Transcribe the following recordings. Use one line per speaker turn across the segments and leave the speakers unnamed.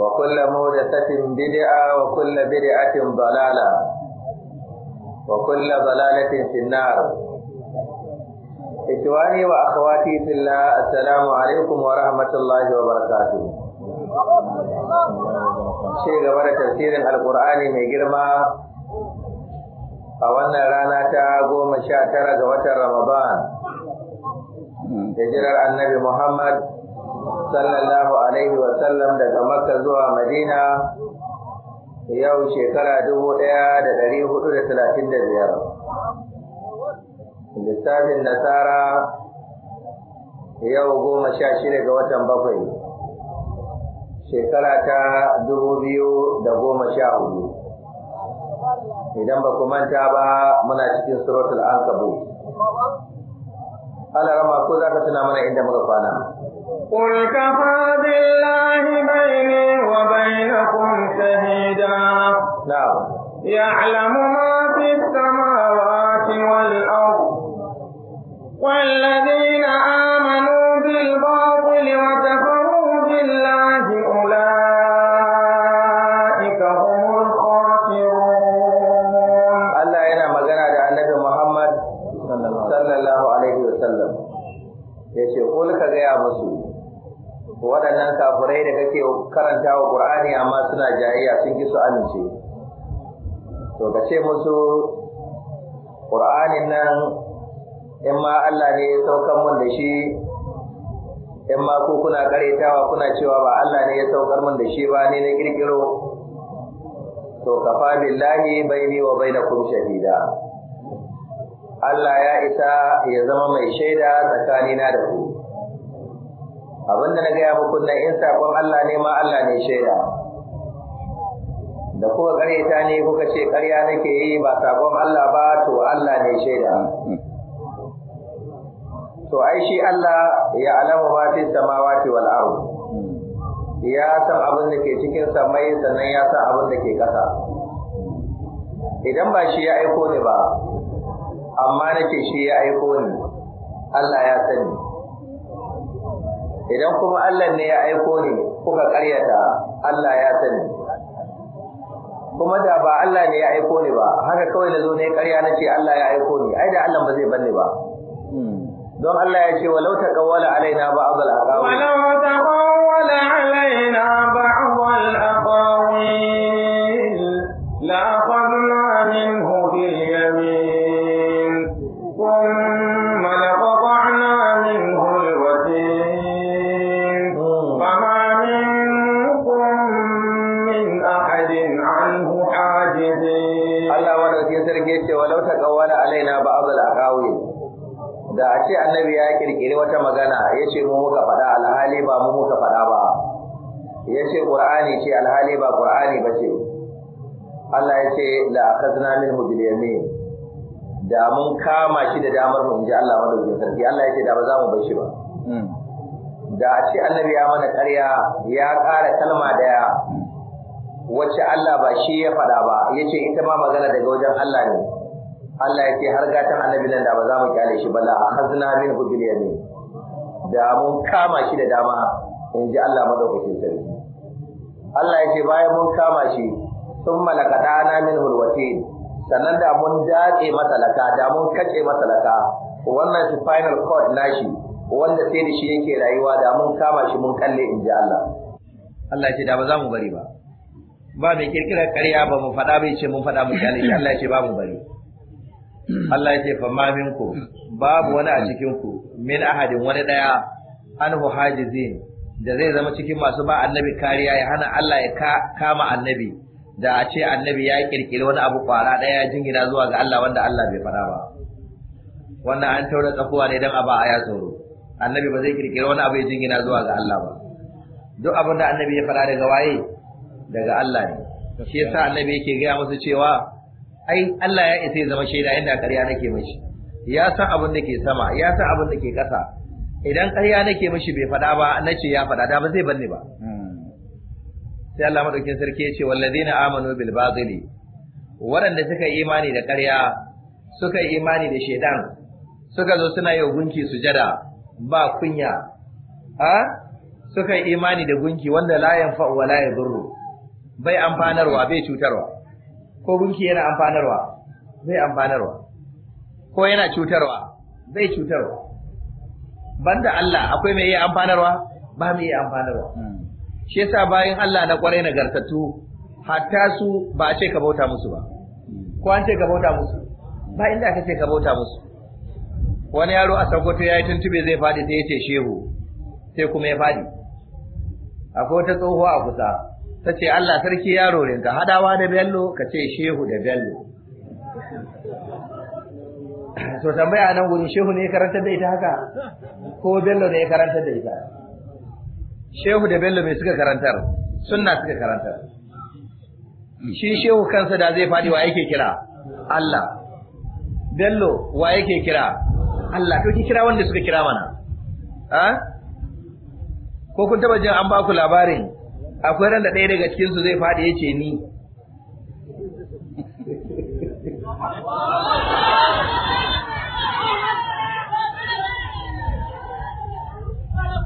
وكل مودثة بدعة وكل بدعة ضلالة وكل ضلالة في النار إخواني وأخواتي في الله السلام عليكم ورحمة الله وبركاته
Shi gaba da tafsirin
Alƙur'ani mai girma a wannan rana ta goma sha tara ga watan Ramadan da jirar annabi Muhammad sallallahu alaihi wa sallam daga Makka zuwa Madina yau shekara dubu ɗaya da ɗari hudu da talatin da biyar. Lissafin Nasara yau goma sha shida ga watan bakwai, shekara ta dubu biyu da goma sha hudu. Idan ba ku manta ba muna cikin suratul Ankabu. Allah rama ko za ka tuna mana inda muka kwana.
قل كفى بالله بيني وبينكم شهيدا نعم يعلم ما في السماوات والأرض والذين آمنوا بالباطل وكفروا بالله
waɗannan kafirai da kake karanta wa Qur'ani amma suna jahiliya sun ki su amince to ka ce musu Qur'anin nan in ma Allah ne ya saukar mun da shi in ma ku kuna karetawa kuna cewa ba Allah ne ya saukar mun da shi ba ne na kirkiro to kafa billahi baini wa bainakum shahida Allah ya isa ya zama mai shaida tsakanina da ku abin da na gaya muku na in sakon Allah ne ma Allah ne shaida da kuka karyata ne kuka ce karya nake yi ba sakon Allah ba to Allah ne shaida to ai shi Allah ya alamu ma fi samawati wal ardh ya san abin da ke cikin samai sannan ya san abin da ke ƙasa idan ba shi ya aiko ni ba amma nake shi ya aiko ni Allah ya sani idan kuma Allah ne ya aiko ni kuka karyata Allah ya sani kuma da ba Allah ne ya aiko ni ba haka kawai zo ne karya na ce Allah ya aiko ni ai da Allah ba zai banni ba hmm. don Allah ya ce walau taqawwala alaina ba abul aqawi
walau taqawwala
ce annabi ya kirkiri wata magana ya ce mu muka faɗa alhali ba mu muka faɗa ba ya ce ƙur'ani ce alhali ba ƙur'ani ba ce Allah ya ce da akhadna min bil yamin da mun kama shi da damar mu inji Allah madaukakin sarki Allah ya ce da ba za mu bar shi ba hmm. da a ce annabi ya mana ƙarya ya ƙara kalma daya wacce Allah ba shi ya faɗa ba ya ce ita ma magana daga wajen Allah ne Allah ya ce har gatan annabi nan da ba za mu kyale shi ba la hazna min bil yami da mun kama shi da dama in ji Allah madaukakin sarki Allah ya ce bayan mun kama shi sun malaka na min hulwati sannan da mun dace masa da mun kace masa wannan shi final court nashi wanda sai da shi yake rayuwa da mun kama shi mun kalle in ji Allah Allah ya ce da ba za mu bari ba ba mai kirkirar ƙarya ba mu faɗa bai ce mun faɗa mu kyale shi Allah ya ce ba mu bari Hmm. Allah ya ce fa ma minku babu wani a hmm. cikin ku min ahadin wani daya anhu hajizin da zai zama cikin masu ba annabi kariya ya hana Allah ya kama annabi da a ce annabi ya kirkiri wani abu kwara daya jingina zuwa ga Allah wanda Allah bai faɗa ba wannan an taura tsakuwa ne dan a ba aya tsoro annabi ba zai kirkiri wani abu ya jingina zuwa ga Allah ba duk abin da annabi ya faɗa daga waye daga Allah ne shi yasa annabi yake gaya musu cewa ai Allah ya isa ya zama shaida yadda ƙarya nake mishi. ya san abin da ke sama ya san abin da ke ƙasa idan ƙarya nake mishi bai faɗa ba na ce ya faɗa da ba zai banni ba hmm. sai Allah madaukin sarki ya ce wallazina amanu bil batili waɗanda suka yi imani da ƙarya suka yi imani da shaidan suka zo suna yau gunki sujada ba kunya a suka yi imani da gunki wanda la yanfa wa la yadurru bai amfanarwa bai cutarwa ko gunki yana amfanarwa zai amfanarwa ko yana cutarwa zai cutarwa banda Allah akwai mai iya amfanarwa ba mai iya amfanarwa hmm. shi yasa bayan Allah na kwarai nagartattu hatta su ba a ce ka bauta musu ba hmm. ko an ce ka bauta musu ba inda aka ce ka bauta musu wani yaro a sakoto ya yi tuntube zai fadi sai ya ce shehu sai kuma ya fadi akwai wata tsohuwa a kusa ta ce Allah sarki yaro rinka hadawa da bello ka ce shehu da bello to tambaya nan gurin shehu ne ya karanta da ita haka ko bello ne ya karanta da ita shehu da bello mai suka karantar sunna suka karantar shi shehu kansa da zai faɗi wa yake kira Allah bello wa yake kira Allah to ki kira wanda suka kira mana ah? ko kun taba jin an ba ku labarin akwai ran da ɗaya daga cikin su zai faɗi yace ni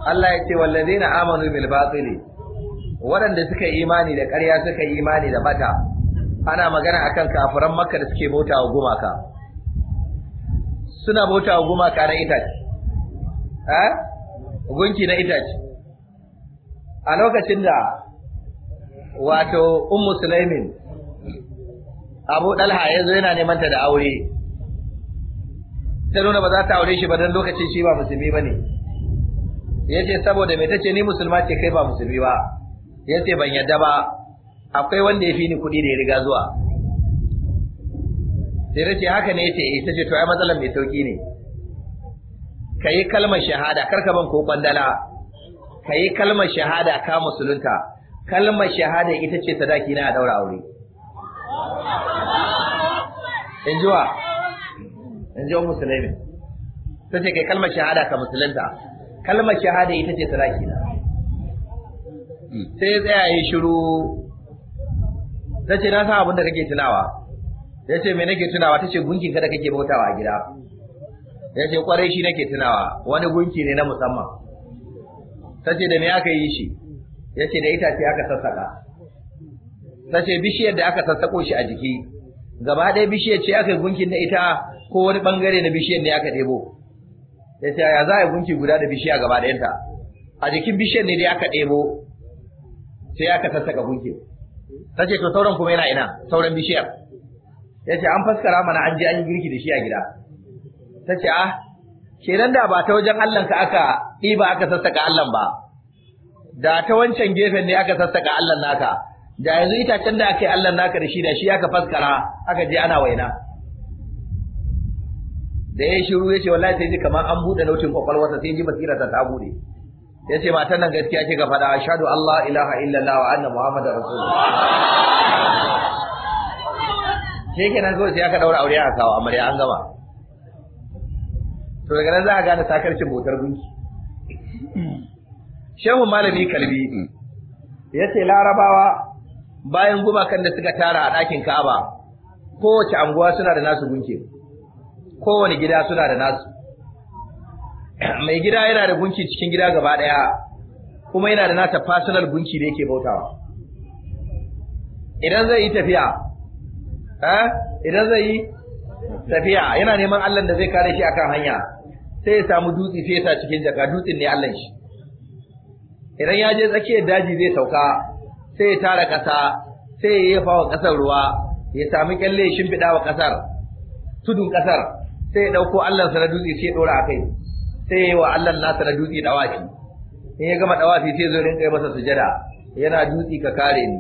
Allah ya ce
na amanu bil batili waɗanda suka yi imani da ƙarya suka yi imani da bata ana magana akan kafiran makka da suke bauta wa gumaka suna bauta wa gumaka na itace eh gunki na itace a lokacin da wato ummu sulaimin abu ɗalha ya zo yana neman ta da aure ta nuna ba za ta aure shi ba don lokacin shi ba musulmi ba ne ya ce saboda mai tace ni musulma ce kai ba musulmi ba ya ce ban yadda ba akwai wanda ya fi ni kuɗi da ya riga zuwa sai ta ce haka ne ya ce eh. ta ce to ai matsalar mai sauki ne ka yi kalmar shahada kar ka ban ko kwandala ka yi kalmar shahada ka musulunta kalmar shahada ita ce sadaki na a daura aure in ji wa in ji wa musulmi ta ce kai kalmar shahada ka musulunta kalmar shahada ita ce sadaki na sai ya tsaya ya shiru ta ce na san abin da kake tunawa ya ce me nake tunawa ta ce gunkin kada da kake bautawa a gida ya ce kwarai shi nake tunawa wani gunki ne na musamman tace da me aka yi shi yace da itace aka sassaka tace bishiyar da aka sassako shi a jiki gaba ɗaya bishiyar ce aka gunkin da ita ko wani bangare na bishiyar ne aka ɗebo yace ya za a gunki guda da bishiya gaba ɗayanta a jikin bishiyar ne da aka ɗebo sai aka sassaka Ta tace to sauran kuma yana ina sauran bishiyar yace an faskara mana an je an yi girki da shi a gida tace ah kenan da ba ta wajen Allah ka aka ɗiba aka sassaka Allah ba da ta wancan gefen ne aka sassaka Allah naka da yanzu itacen da aka yi Allah naka da shi da shi aka faskara aka je ana waina da ya shiru ya ce wallahi sai ji kamar an buɗe nautin kwakwalwarsa sai ji basira ta bude ya ce matan nan gaskiya ce ga faɗa ashadu Allah ilaha illallah wa anna muhammadar rasulullah shi kenan kawai sai aka ɗaura aure a kawo amarya an gama to daga nan za a gane sakarcin bautar gunki shehu malami kalbi ya ce larabawa bayan gumakan da suka tara a ɗakin ka'aba kowace anguwa suna da nasu gunki kowane gida suna da nasu mai gida yana da gunki cikin gida gaba ɗaya kuma yana da nata personal gunki da yake bautawa idan zai yi tafiya eh, idan zai yi tafiya yana neman Allah da zai kare shi akan hanya sai ya samu dutse sai ya sa cikin jaka dutsen ne Allah shi idan ya je tsakiyar daji zai sauka sai ya tara kasa sai ya yefa wa ƙasar ruwa ya sami kyalle ya shimfiɗa wa kasar tudun ƙasar sai ya ɗauko Allah sa na dutse sai ya ɗora a kai sai ya yi wa Allah nasa na dutse dawafi in ya gama dawafi sai zo rinka masa sujada yana dutse ka kare ni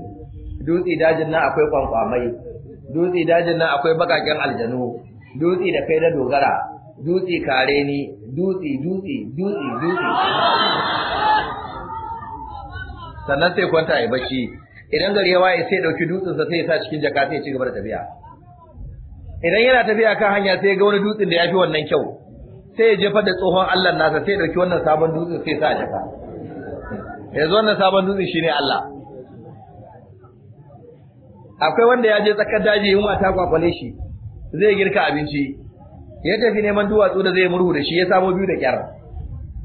dutse dajin nan akwai kwankwamai dutse dajin nan akwai baƙaƙen aljanu dutse da kai na dogara dutse kare ni dutse dutse dutse dutse sannan sai kwanta ya bacci idan gari ya waye sai dauki dutsensa sai ya sa cikin jaka sai ya ci gaba da tafiya idan yana tafiya kan hanya sai ya ga wani dutsen da ya fi wannan kyau sai ya jefa da tsohon Allah nasa sai ya dauki wannan sabon dutsen sai ya sa jaka yanzu wannan sabon dutsen shine Allah akwai wanda ya je tsakar daji yunwa ta kwakwale shi zai girka abinci ya tafi neman duwatsu da zai murhu da shi ya samo biyu da kyar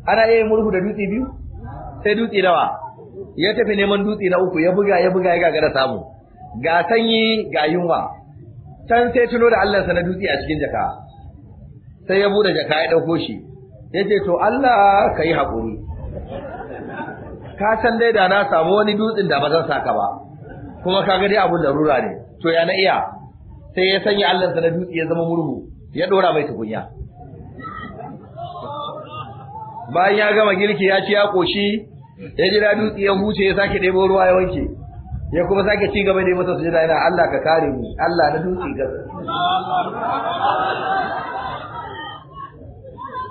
ana iya murhu da dutse biyu sai dutse nawa ya tafi neman dutse na uku ya buga ya buga ya da samu ga sanyi ga yunwa can sai tuno da Allah sa na dutse a cikin jaka sai ya bude jaka ya dauko shi yace to Allah kai hakuri ka san dai da na samu wani dutsen da ba zan saka ba kuma kaga dai abun rura ne to ya na iya sai ya sanya Allah sa na dutse ya zama murhu ya dora mai tukunya bayan ya gama girki ya ci ya koshi ya ji da dutse ya huce ya sake ɗebo ruwa ya wanke ya kuma sake ci gaba da masa sujada yana Allah ka kare mu, Allah na dutse ga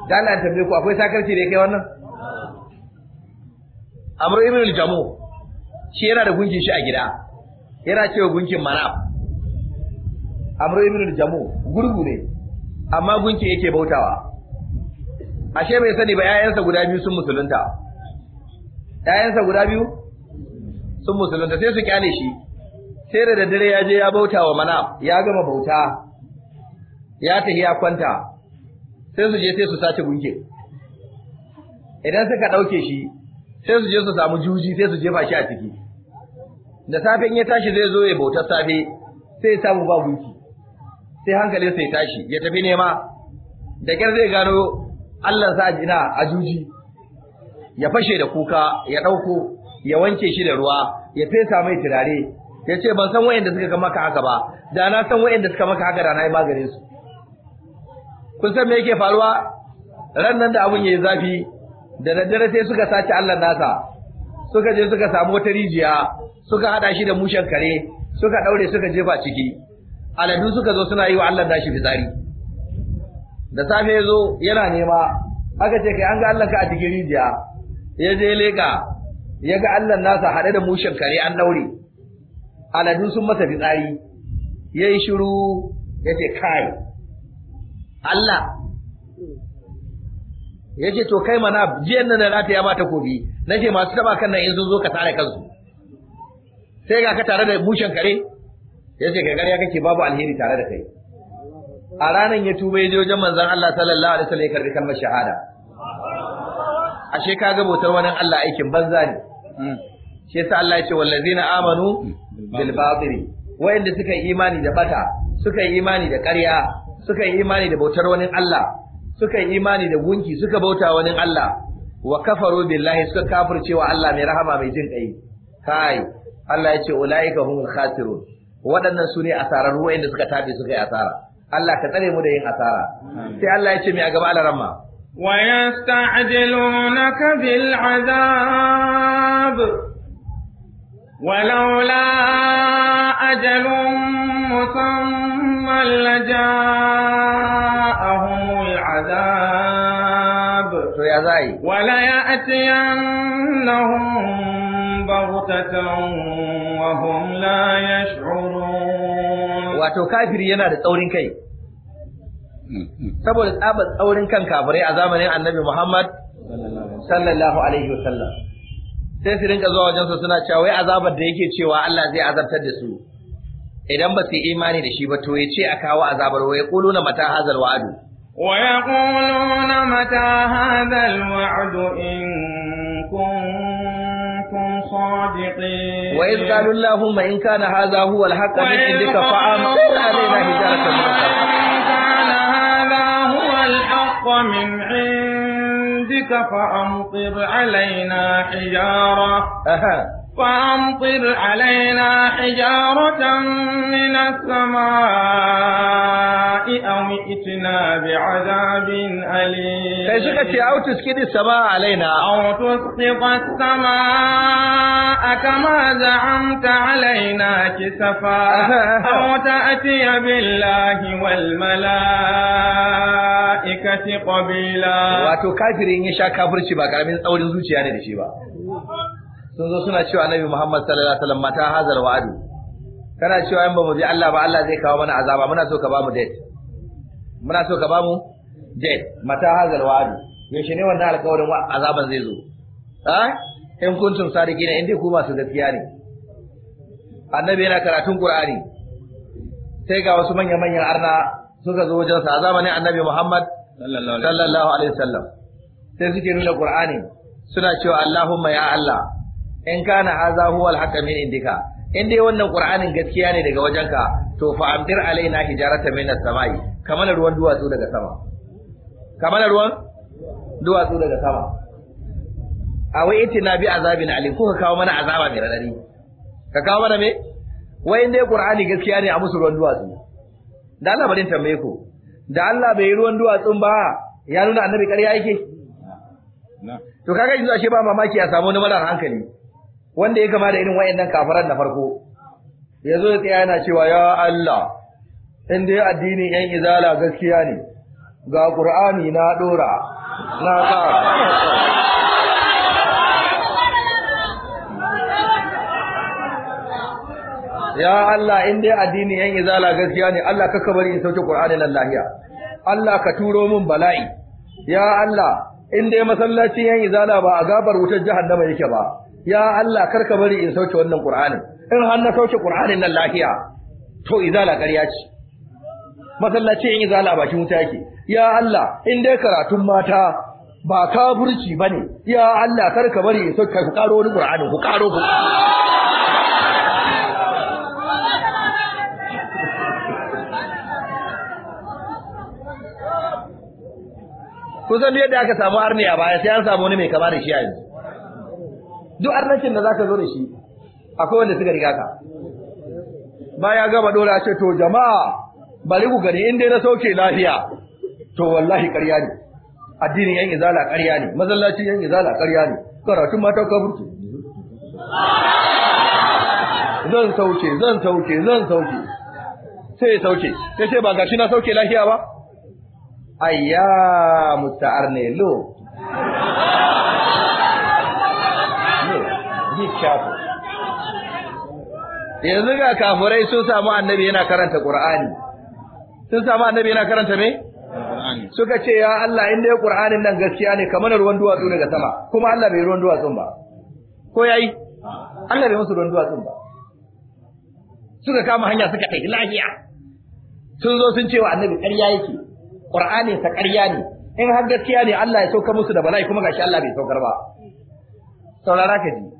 dan an tambaye ku akwai sakarci
da kai wannan Amru ibn al-Jamu shi yana da gunkin shi a gida yana cewa gunkin Manaf Amru ibn al-Jamu gurgu ne amma gunki yake bautawa ashe bai sani ba 'ya'yansa guda biyu sun musulunta yayansa guda biyu sun musulunta sai su kyale shi sai da daddare ya je ya bautawa mana ya gama bauta ya tafi ya kwanta sai su je sai su sace gunke idan suka ɗauke shi sai su je su samu juji sai su jefa shi a ciki da safe in ya tashi zai zo ya bautar safe sai ya samu ba gunki sai hankalin sai tashi ya tafi nema da kyar zai gano Allah sa jina a juji ya fashe da kuka ya ɗauko ya wanke shi da ruwa ya fesa mai turare ya ce ban san wayanda suka maka haka ba da na san wayanda suka maka haka da na yi maganin su kun san me yake faruwa ran nan da abun yayi zafi da daddare sai suka sace Allah nasa suka je suka samu wata rijiya suka hada shi da mushen kare suka daure suka jefa ciki aladu suka zo suna yi wa Allah dashi fitsari da safe ya zo yana nema aka ce kai an ga Allah ka a cikin rijiya ya je leka ya ga Allah nasa haɗe da mushin kare an daure aladu sun masa fitsari ya yi shiru ya ce kai Allah ya ce to kai mana jiyan nan da ta ya ba takobi na ce masu taba kan nan in sun zo ka tare kansu sai ga ka tare da mushin kare ya ce kai ƙarya kake babu alheri tare da kai a ranar ya tuba ya je wajen manzan Allah sallallahu alaihi wasallam ya karbi kalmar shahada ashe ka ga bautar wani Allah aikin banza ne shi yasa Allah ya ce wallazina amanu bil Wa wayanda suka yi imani da bata suka yi imani da ƙarya suka yi imani da bautar wani Allah suka yi imani da gunki suka bauta wani Allah wa kafaru billahi suka kafircewa Allah mai rahama mai jin kai kai Allah ya ce ulaika humul khasirun waɗannan su ne asararru da suka tabe suka yi asara Allah ka tsare mu da yin asara sai Allah ya ce mai a gaba ramma.
wa yasta'jilunaka bil azab ولولا أجل مسمى لجاءهم العذاب وليأتينهم وهم لا يشعرون wato
kafiri yana da tsaurin kai saboda tsabar tsaurin kan kafirai a zamanin annabi Muhammad sallallahu alaihi wasallam sai su rinka zuwa wajensa suna cewa wai azabar da yake cewa Allah zai azabtar da su idan ba su yi imani da shi ba to ya ce a kawo azabar wa quluna mata hazal wa'du
wa yaquluna mata hazal wa'du in kun الصادقين وإذ قالوا اللهم إن كان هذا هو الحق من عندك فأمطر علينا حجارة من كان هذا هو الحق من عندك فأمطر علينا حجارة أها وأمطر علينا حجارة من السماء أو ائتنا بعذاب أليم كيف أو تسكت السماء علينا أو تسقط السماء كما زعمت علينا كسفا أو تأتي بالله والملائكة قبيلا واتو كافرين يشا كافر
شبا من أول زوجي أنا لشبا sun zo suna cewa annabi Muhammad sallallahu alaihi wasallam mata hazar wa'adu kana cewa in ba mu bi Allah ba Allah zai kawo mana azaba muna so ka ba mu date muna so ka ba mu date mata hazar wa'adu yaushe ne wannan alƙawarin azaban zai zo ah in kuntum sadiqina indai ku masu gaskiya ne annabi yana karatun Qur'ani sai ga wasu manya manyan arna suka zo wajen sa ne annabi Muhammad sallallahu alaihi wasallam sai suke nuna Qur'ani suna cewa Allahumma ya Allah in kana haza huwa alhaqa min indika in dai wannan qur'anin gaskiya ne daga wajenka to fa amdir alaina hijarata min as-sama'i kamar ruwan duwatsu daga sama kamar ruwan duwatsu daga sama a wai itina bi azabin alim kuka kawo mana azaba mai radadi ka kawo mana me wai in dai qur'ani gaskiya ne a musu ruwan duwatsu da Allah bari tambaye ku da Allah bai yi ruwan duwatsun ba ya nuna annabi ƙarya yake to kaga yanzu ashe ba mamaki a samu wani marar hankali wanda ya kama da irin wayannan kafaran na farko yazo ya tsaya yana cewa ya Allah in dai addini yan izala gaskiya ne ga qur'ani na dora na sa ya Allah in dai addini yan izala gaskiya ne Allah ka bari in sauke qur'ani nan lahiya
Allah ka turo
min bala'i ya Allah in dai masallacin yan izala ba a gabar wutar jahannama yake ba ya Allah karka bari in sauke wannan Qur'anin in har na sauke Qur'anin nan lafiya to izala ƙarya ce masallaci in izala bakin wuta yake ya Allah in dai karatun mata ba kafirci ba ne, ya Allah kar ka bari sauke! ka karo wani Qur'ani ku karo ku.
Kusan da yadda aka samu arniya a baya sai an samu wani mai kama da shi a yanzu.
duk arnancin da zaka zo da shi akwai wanda suka riga ka baya gaba dole ce to jama'a bari ku gani in dai na sauke lafiya to wallahi ƙarya ne addinin yan izala ƙarya ne masallacin yan izala ƙarya ne karatun mata kaburki zan sauke zan sauke zan sauke sai sauke sai ce ba gashi na sauke lafiya ba ayya musta'ar lo yanzu ga kafirai sun samu annabi yana karanta Qur'ani sun samu annabi yana karanta me suka ce ya Allah inda dai Qur'anin nan gaskiya ne kamar ruwan duwatsu daga sama kuma Allah bai ruwan duwatsun ba ko yayi Allah bai musu ruwan duwatsun ba suka kama hanya suka tafi ilahiya sun zo sun ce wa annabi ƙarya yake qur'ani sa ƙarya ne in har gaskiya ne Allah ya sauka musu da bala'i kuma gashi Allah bai saukar ba saurara ka ji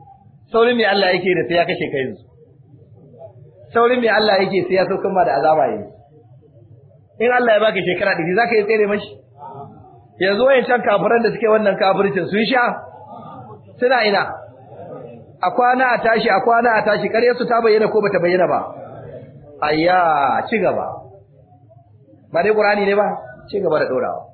saurin me Allah yake da sai ya kashe kai yanzu saurin me Allah yake sai ya saukan ma da azaba yanzu in Allah ya baka shekara ɗari zaka yi tsere mashi yanzu can kafiran da suke wannan kafircin sun sha suna ina a kwana a tashi a kwana a tashi kar su ta bayyana ko bata bayyana ba ayya ci gaba ba dai qur'ani ne ba ci gaba da dorawa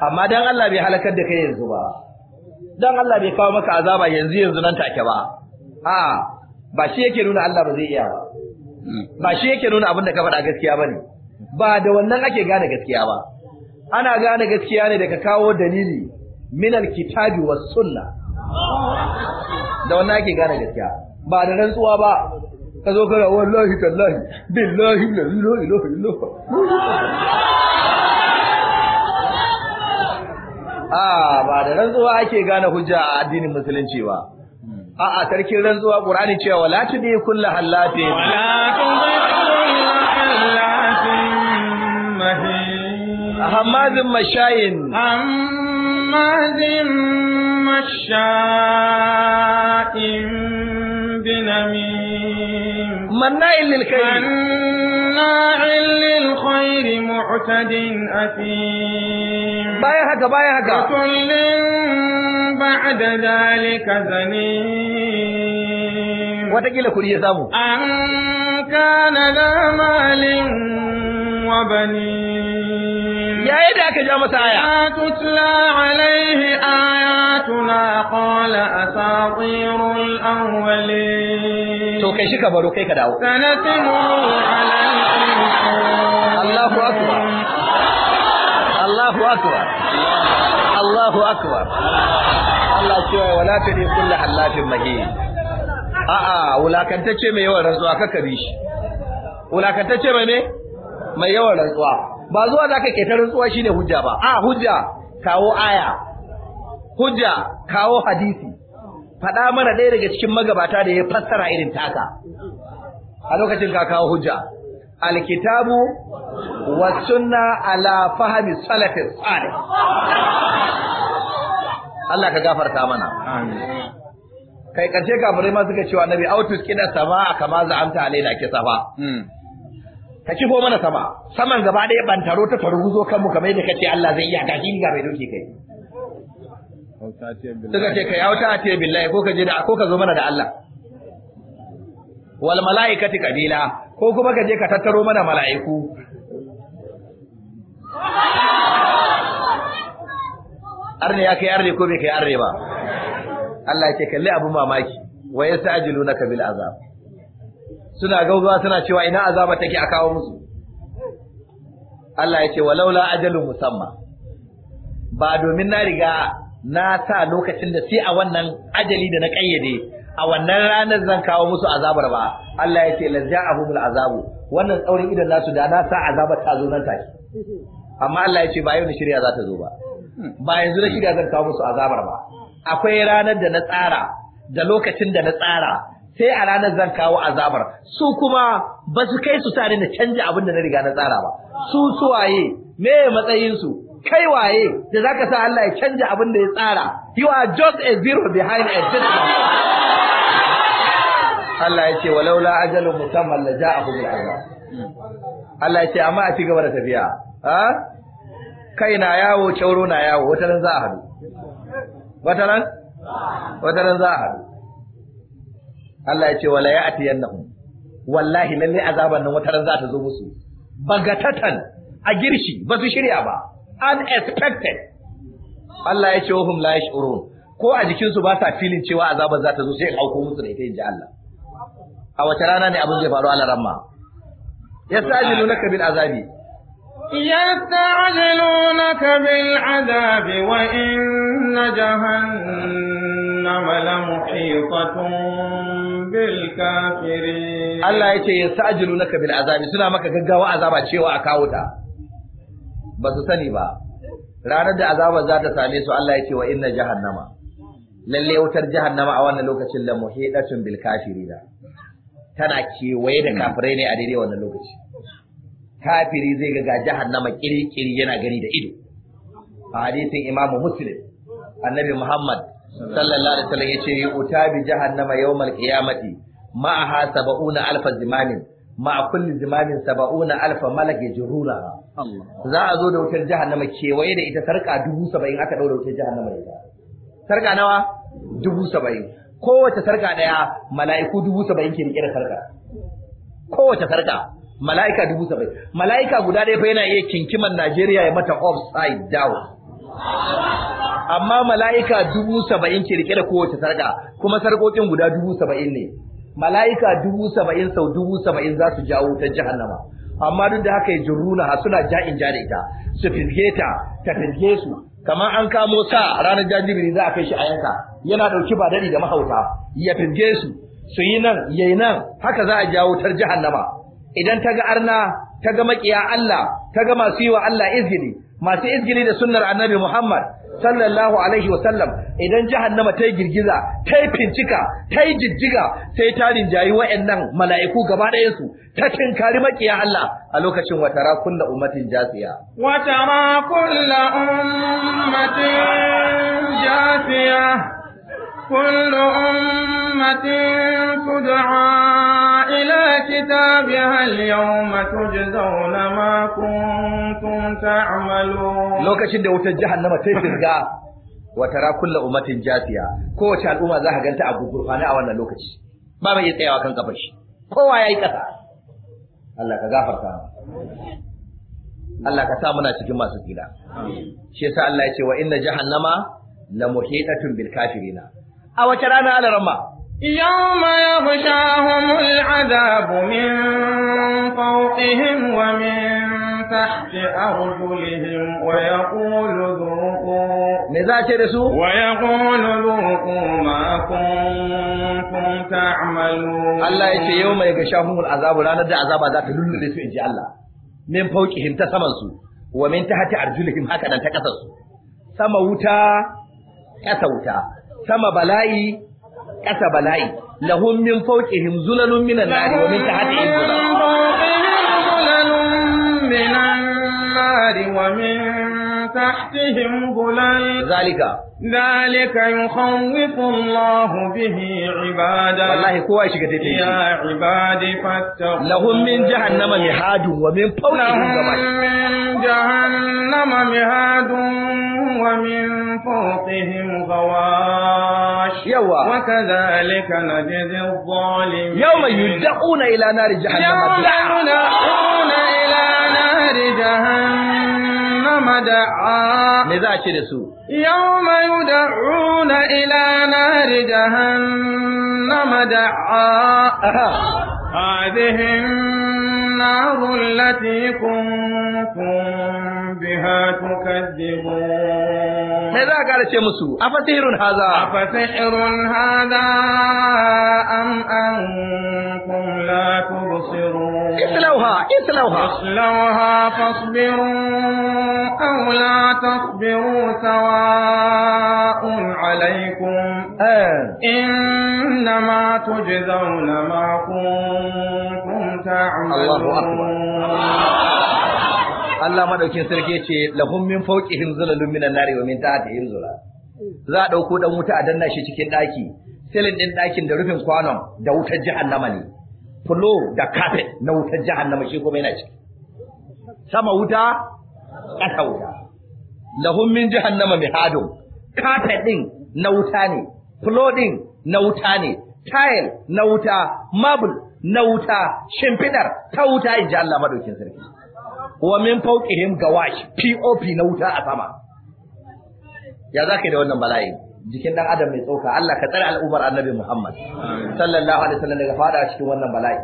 amma dan Allah bai halakar
da kai yanzu ba dan Allah bai kawo maka azaba yanzu yanzu nan take ba a ba shi yake nuna Allah ba zai iya ba ba shi yake nuna abin da ka faɗa gaskiya bane ba da wannan ake gane gaskiya ba ana gane gaskiya ne daga kawo dalili min alkitabi was sunna
da wannan ake gane
gaskiya ba da rantsuwa ba ka zo ka wallahi tallahi billahi la ilaha illallah a ba da rantsuwa ake gane hujja a addinin musulunci ba hmm. a'a sarkin rantsuwa qur'ani cewa wala tudi kullu hallatin wala tudi kullu hallatin
mahin hamazin mashayin hamazin mashayin binamin manna'il lil khair مناع للخير معتد أثيم باي هكا باي هكا كل بعد ذلك زنيم وتقيل كوري سامو أن كان ذا مال وبنين yayi da aka ja masa aya tutla alaihi ayatuna qala asatirul awwalin to kai shi ka baro kai ka dawo sanatimu Allahu akbar Allahu akbar
Allahu akbar Allah cewa wala tudi kullu halafin mahin a'a wulakantacce mai yawan rantsuwa kaka bi shi wulakantacce mai me mai yawan rantsuwa ba zuwa za ka keta rantsuwa shine hujja ba a hujja kawo aya hujja kawo hadisi faɗa mana ɗaya daga cikin magabata da ya fassara irin taka a lokacin ka kawo hujja alkitabu wa sunna ala fahmi salafis salih Allah ka gafarta mana amin kai karshe kafirai ma suka cewa nabi autus kina sama kama za'amta alaina kisafa hmm. ka ko mana sama saman gaba ɗaya ban taro ta tarurruzo kan mu kamar yadda kace Allah zai iya ni ga mai doki kai
daga ce kai auta
ce billahi ko ka je da ko ka zo mana da Allah wal malaikati kabila ko kuma ka je ka tattaro mana mala'iku arne ya kai arne ko bai kai arne ba Allah ya ce kalli abu mamaki wa yasta'jilunaka bil azab suna gauzuwa suna cewa ina azaba take a kawo musu Allah ya ce walaula ajalun musamma ba domin na riga na sa lokacin da sai a wannan ajali da na kayyade a wannan ranar zan kawo musu azabar ba Allah ya ce lazja'ahumul azabu wannan tsaurin idan nasu da na sa azabar ta zo nan take amma Allah ya ce ba yau ne shirya za ta zo ba ba yanzu na shirya zan kawo musu azabar ba akwai ranar da na tsara da lokacin da na tsara sai a ranar zan kawo azabar su kuma ba su kai su tare da canji abin da na riga na tsara ba su suwaye me matsayin su kai waye da zaka sa Allah ya canja abin da ya tsara you are just a zero behind a distance Allah ya ce walaula ajalu mutammal la ja'ahu bil azab Allah ya ce amma a cigaba da tafiya ha kai na yawo cauro na yawo wata ran za a hadu wata ran wata za a hadu Allah ya ce wala ya'tiyannahum wallahi lalle azaban nan wata ran za ta zo musu bagatatan a girshi ba su shirya ba unexpected Allah ya ce wahum la yash'urun ko a jikinsu ba sa filin cewa azaban za ta zo sai auko musu da ita inji Allah a wata rana ne abin zai faru a laramma yastajilunaka bil
azabi azabi wa inna jahannam ce ya sa الله
na يستعجلونك بالعذاب suna maka gaggawa azaba cewa a kawo ta ba su sani ba ranar da azabar za ta same su Allah ya ce wa inna jahannama lalle wutar jahannama a wannan lokacin la muhidatun bil da. tana kewaye da kafirai ne a daidai wannan lokaci kafiri zai ga jahannama kirkiri yana gani da ido a hadisin imamu muslim annabi muhammad sallallahu alaihi wasallam yace uta bi jahannama yawmal qiyamati aha sab'una alfa zimamin ma kulli zimamin sab'una alfa malak yajrura za a zo da wutar jahannama kewaye da ita sarka dubu saba'in aka daura wutar jahannama da ita sarka nawa dubu saba'in kowace sarka daya mala'iku dubu saba'in ke rike da sarka kowace sarka mala'ika dubu saba'in mala'ika guda ɗaya fa yana iya kinkiman Najeriya ya mata offside down
amma
mala'ika dubu saba'in ke rike da kowace sarƙa kuma sarƙoƙin guda dubu saba'in ne mala'ika dubu saba'in sau dubu saba'in za su jawo ta jihannama. amma duk da haka ya jiruna suna ja'in jari ta su firge ta ta firge su kamar an kamo sa ranar jajibiri za a kai shi a yanka yana ɗauki ba dari da mahauta ya firge su su yi nan ya yi nan haka za a jawo tar jihannama. idan ta ga arna ta ga maƙiya Allah ta ga masu yi wa Allah izini masu izgili da sunnar annabi Muhammad sallallahu alaihi wa sallam idan jahannama ta yi girgiza ta yi fincika ta yi jijjiga sai ta rinjayi wayannan mala'iku gaba ɗayan su ta tinkari makiya Allah a lokacin wa tara kullu ummatin jasiya
Wata tara kulla ummatin jasiya kullu ummatin tud'a إلى كتابها اليوم تجزون ما كنتم تعملون لو
كشد وتجهنم تفرقا وترى كل أمة جاثية كوش الأمة ذاها قلت أبو قرآن أولا لو كش ما بيجي تيوا كان قبش كوا يا إكتا الله كغافر كان الله كسامنا شكما سكينا شيء سأل الله يقول وإن جهنم لمحيطة بالكافرين
أو ترانا على رمى يوم يغشاهم العذاب من فوقهم ومن تحت أرجلهم ويقول ذوقوا نزاك رسول ويقول ذوقوا ما كنتم
تعملون الله يتي يوم يغشاهم العذاب لا ندع عذاب ذات لن سوء إن الله من فوقهم تسمنسو ومن تحت أرجلهم هكذا تكسسو سما wuta كسا wuta سما بلائي ƙasa bala'i lahum
min fawqihim zulalun minan nar wa min tahtihim zulalun minan nar wa min تحتهم ظلل ذلك ذلك يخوف الله به عباده والله كوا يشيك يا عبادي فاتقوا لهم من جهنم مهاد ومن
فوقهم
من جهنم مهاد ومن فوقهم غواش يوا وكذلك نجزي الظالمين يوم يدعون إلى نار جهنم يوم يدعون إلى نار جهنم مدعا me za a ce da su yawma yud'una ila nari jahannama da'a hadhihi النار التي كنتم بها تكذبون ماذا قال شيء مسو أفسحر هذا أفسحر هذا أم أنتم لا تبصرون اصلوها اصلوها اصلوها فاصبروا أو لا تصبروا سواء عليكم إنما تجزون ما كنتم تعملون Allahu akbar
Allah madaukin sarki ce lahum min fawqihim zulalun minan nari wa min tahtihim zulal za a dauko dan wuta a danna shi cikin daki silin din dakin da rufin kwanon da wutar jahannama ne fulo da carpet na wutar jahannama shi kuma yana ciki sama wuta ƙasa wuta lahum min jahannama mihadun carpet din na wuta ne fulo din na wuta ne tile na wuta marble na wuta shimfidar ta wuta in ji Allah madaukin sarki wa min fawqihim gawash pop na wuta a sama ya zaka da wannan bala'i jikin dan adam mai tsoka Allah ka tsare al'ummar annabi Muhammad sallallahu alaihi wasallam daga fada cikin wannan bala'i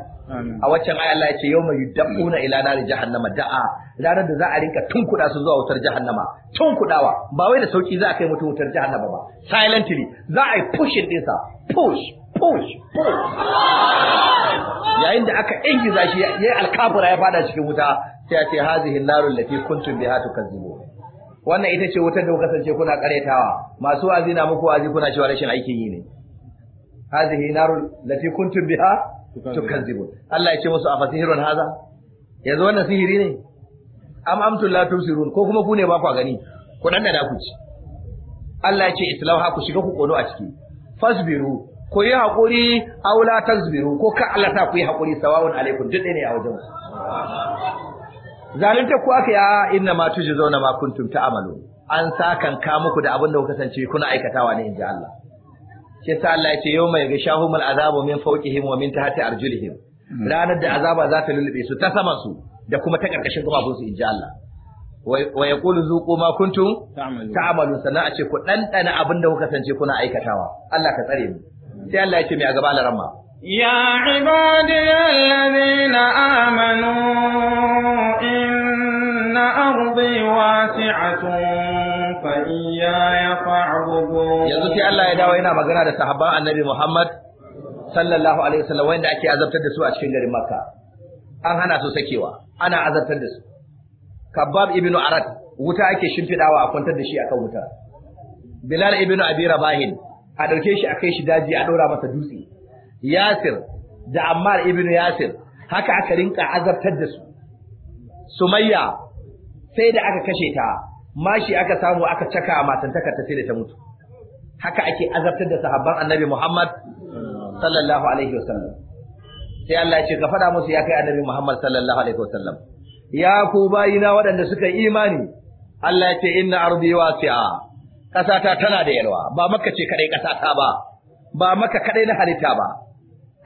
a waccan aya Allah ya ce yawma yudabuna ila nari jahannama da'a ranar da za a rinka tunkuda su zuwa wutar jahannama tunkudawa ba wai da sauki za a kai mutum wutar jahannama ba silently za a yi pushing din sa push fush yayin da aka ingiza shi ya alkafura ya fada cikin wuta sai ya ce hazihi narul lati kuntum biha tukazzibu wannan ita ce wutar da kasance kuna karetawa masu wazi na muku wazi kuna cewa rashin aikin yi ne hazihi narul lati kuntum biha tukazzibu Allah ya ce musu afatihirun haza yanzu wannan sihiri ne am amtul la tusirun ko kuma ku ne ba ku gani ku dan da ku ci Allah ya ce islahu ku shiga ku kono a ciki fasbiru ku yi haƙuri aula tasbiru ko ka Allah ta ku yi haƙuri sawawun alaikum duk ne a wajen zalunta ku aka ya ah, inna ma zaune ma kuntum amalu. an kan ka muku da abin da kuka kasance kuna aikatawa ne in ji Allah shi sa Allah ya ce yawma yaghshahum azabu min fawqihim wa min tahti arjulihim
hmm. ranar
da azaba za ta lulluɓe su ta sama su da kuma ta kuma kafafun su ji Allah wa ya ƙulu zuƙo ma kuntum amalu sannan a ce ku ɗanɗana abin da kuka kasance kuna aikatawa Allah ka tsare mu sai Allah ya ce mai a gaba alaramma
ya ibadi alladhina amanu inna ardi wasi'atun fa iyaya fa'budun yanzu sai Allah ya dawo yana magana
da sahabban annabi Muhammad sallallahu alaihi wasallam wanda ake azabtar da su a cikin garin Makka an hana su sakewa ana azabtar da su Kabbab ibn Arad wuta ake shimfidawa a kwantar da shi akan wuta Bilal ibn Abi Rabahin a ɗauke shi a kai shi daji a ɗora masa dutse yasir da ammar ibn yasir haka aka rinka azabtar da su sumayya sai da aka kashe ta mashi aka samu aka caka a matantakar ta sai da ta mutu haka ake azabtar da sahabban annabi muhammad sallallahu alaihi wasallam sai Allah ya ce ka faɗa musu ya kai annabi muhammad sallallahu alaihi wasallam ya ku bayina waɗanda suka imani Allah ya ce inna ardi wasi'a ƙasata tana da yalwa ba maka ce kadai ƙasata ba ba maka kadai na halitta ba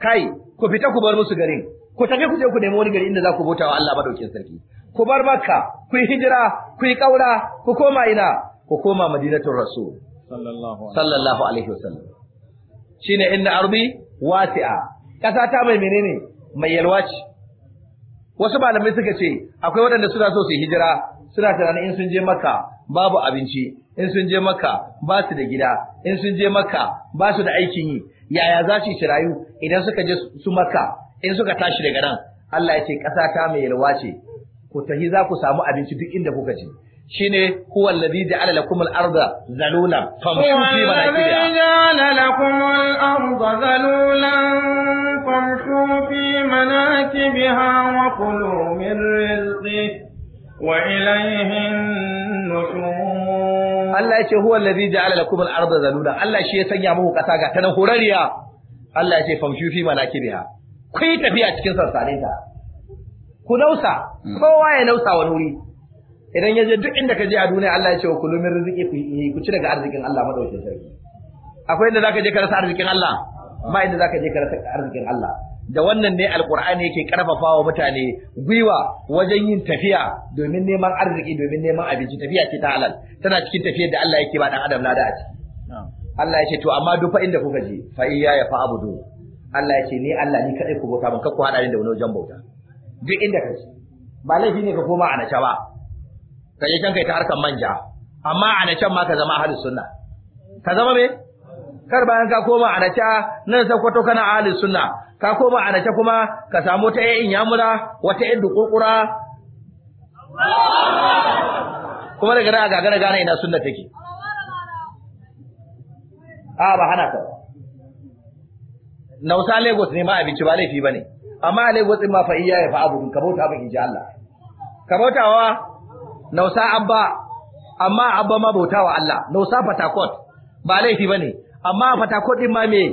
kai ku fita ku bar musu garin ku tafi ku je ku nemi wani gari inda za ku bauta wa Allah madaukin sarki ku bar makka ku yi hijira ku yi kaura ku koma ina ku koma madinatul rasul sallallahu alaihi wasallam shine inna arbi wasi'a ƙasata mai menene mai yalwa ce wasu malamai suka ce akwai waɗanda suna so su hijira suna tunanin in sun je makka babu abinci in sun je maka ba su da gida in sun je maka ba su da aikin yi yaya za su rayu idan suka je su maka in suka tashi daga nan Allah ya ce ƙasa ta mai yalwa ce ku tahi za ku samu abinci duk inda kuka je shine huwa alladhi ja'ala lakum al-ardha zalulan
famshu fi manakibiha
ja'ala lakum al-ardha zalulan famshu fi manakibiha wa kulu min rizqihi wa ilayhi an-nushur Allah ya
ce huwa allazi ja'ala lakum al-ardha zalula Allah shi ya sanya muku kasa ga ta nan horariya Allah ya ce famshu fi manakibiha ku yi tafiya cikin sassare ta ku nausa hmm. kowa ya nausa wani wuri idan ya je duk inda ka je a duniya Allah ya ce ku lumin riziki ku yi eh, ku ci daga arzikin Allah madaukin sarki akwai inda zaka je ka rasa arzikin Allah ba inda zaka je ka rasa arzikin Allah da wannan ne alkur'ani yake karfafa wa mutane gwiwa wajen yin tafiya domin neman arziki domin neman abinci tafiya ce ta halal tana cikin tafiyar da Allah yake ba dan adam lada a ciki Allah ya ce to amma duk fa inda kuka je fa iya ya fa abudu Allah ya ce ni Allah ni kadai ku bauta mun kakku hada ni da wani wajen bauta duk inda kace ba laifi ne ka koma a nace ba kai je can kai ta harkan manja amma a nacen ma ka zama ahlus sunna ka zama me kar bayan ka koma a nan nan kwato kana ahli sunna ka koma a kuma ka samu ta yayin yamura wata yadda dukukura
kuma daga nan a gagara gane ina sunna
take a ba hana ka nausa lagos ne ma abinci ba laifi ba ne amma a lagos ɗin ma fa iya ya fa abu ka bauta abin inji Allah ka bautawa nausa abba amma abba ma bautawa Allah nausa patakot ba laifi ba ne amma fata ko din ma me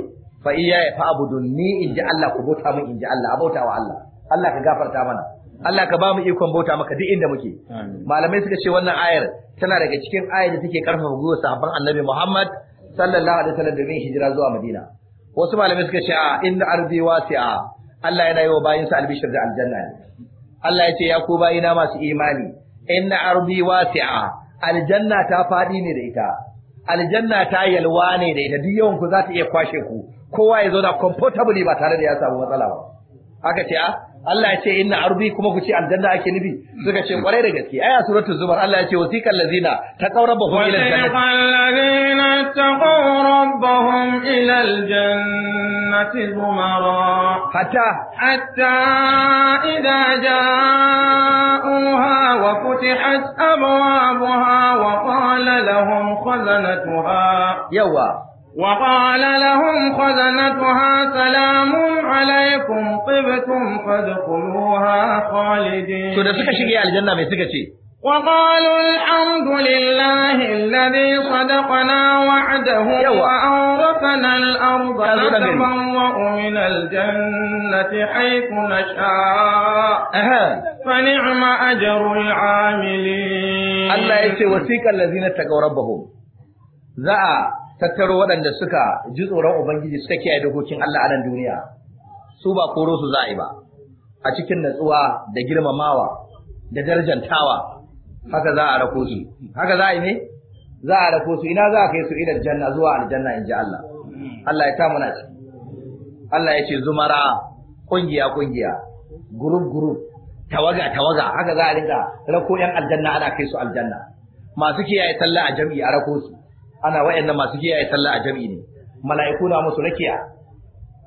fa iya fa abudun ni in ji Allah ku bauta min in ji Allah abauta wa Allah Allah ka gafarta mana Allah ka ba mu ikon bauta maka duk inda muke malamai suka ce wannan ayar tana daga cikin ayar da take karfafa gwiwar sahabban Annabi Muhammad sallallahu alaihi wasallam domin hijira zuwa Madina wasu malamai suka ce a inna ardi wasi'a Allah yana yi wa bayinsa albishir da aljanna Allah ya ce ya ku bayina masu imani inna ardi wasi'a aljanna ta faɗi ne da ita aljanna ta yalwa ne da ita duk yawan ku za ta iya kwashe ku kowa ya zauna comfortably ba tare da ya samu matsala ba aka ce a ah, Allah ya ce inna arbi kuma ku ce aljanna ake nufi suka ce kwarai da gaske aya suratul zumar Allah ya ce wasiqal ladina taqarrabuhum ila
aljannati wasiqal ladina ila aljannati zumara hatta hatta idza ja'uha wa futihat abwabuha wa qala lahum khazanatuha yawa وقال لهم خزنتها سلام عليكم طبتم فادخلوها خالدين شو ده suka shige aljanna mai suka ce وقالوا الحمد لله الذي صدقنا وعده وأورثنا الأرض نتبوأ من الجنة حيث نشاء فنعم أجر العاملين الله يسي وسيك الذين اتقوا ربهم
ذا tattaro waɗanda suka ji tsoron Ubangiji suka kiyaye dokokin Allah a nan duniya su ba koro su a yi ba a cikin natsuwa da girmamawa da darjantawa, haka za a rako su haka za a yi ne za a rako su ina za a kai su idan janna zuwa aljanna in ji Allah Allah ya ta muna ci Allah ya ce zumara kungiya kungiya group group tawaga tawaga haka za a rinka rako yan aljanna ana kai su aljanna masu kiyaye sallah a jami'i a rako su ana wayannan masu kiyaye sallah a jam'i ne mala'iku na musu rakiya